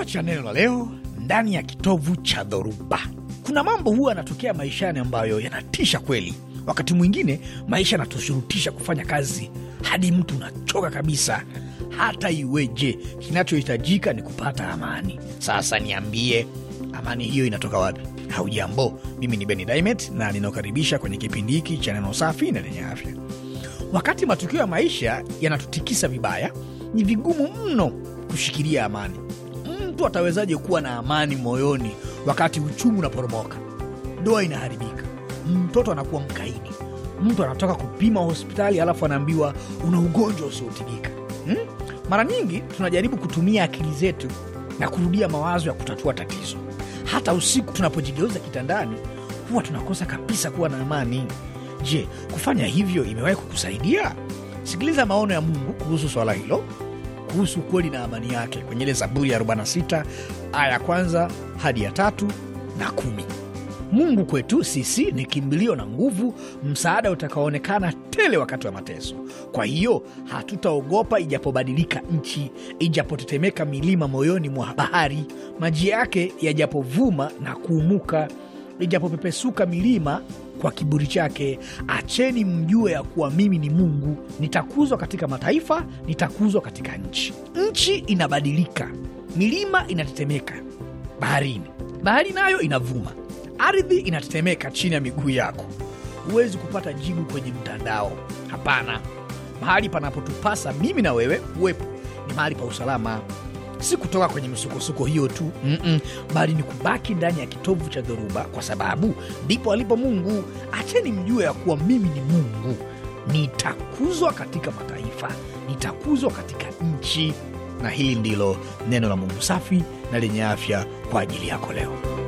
Kichwa cha neno la leo: ndani ya kitovu cha dhoruba. Kuna mambo huwa yanatokea maishani ambayo yanatisha kweli. Wakati mwingine maisha yanatushurutisha kufanya kazi hadi mtu unachoka kabisa, hata iweje. Kinachohitajika ni kupata amani. Sasa niambie, amani hiyo inatoka wapi? Haujambo, mimi ni Beni Dimet na ninaokaribisha kwenye kipindi hiki cha neno safi na lenye afya. Wakati matukio ya maisha yanatutikisa vibaya, ni vigumu mno kushikilia amani mtu atawezaje kuwa na amani moyoni wakati uchumi unaporomoka? Doa inaharibika, mtoto anakuwa mkaidi, mtu anatoka kupima hospitali alafu anaambiwa una ugonjwa usiotibika. Hmm? Mara nyingi tunajaribu kutumia akili zetu na kurudia mawazo ya kutatua tatizo. Hata usiku tunapojigeuza kitandani, huwa tunakosa kabisa kuwa na amani. Je, kufanya hivyo imewahi kukusaidia? Sikiliza maono ya Mungu kuhusu swala hilo kuhusu ukweli na amani yake kwenye ile Zaburi ya 46 aya ya kwanza hadi ya tatu na kumi. Mungu kwetu sisi ni kimbilio na nguvu, msaada utakaoonekana tele wakati wa mateso. Kwa hiyo hatutaogopa, ijapobadilika nchi, ijapotetemeka milima moyoni mwa bahari, maji yake yajapovuma na kuumuka, ijapopepesuka milima kwa kiburi chake, acheni mjue ya kuwa mimi ni Mungu, nitakuzwa katika mataifa, nitakuzwa katika nchi. Nchi inabadilika, milima inatetemeka baharini, bahari nayo inavuma, ardhi inatetemeka chini ya miguu yako. Huwezi kupata jibu kwenye mtandao, hapana. Mahali panapotupasa mimi na wewe uwepo ni mahali pa usalama si kutoka kwenye misukosuko hiyo tu Mm-mm. bali ni kubaki ndani ya kitovu cha dhoruba, kwa sababu ndipo alipo Mungu. Acheni mjue ya kuwa mimi ni Mungu, nitakuzwa katika mataifa, nitakuzwa katika nchi. Na hili ndilo neno la Mungu safi na lenye afya kwa ajili yako leo.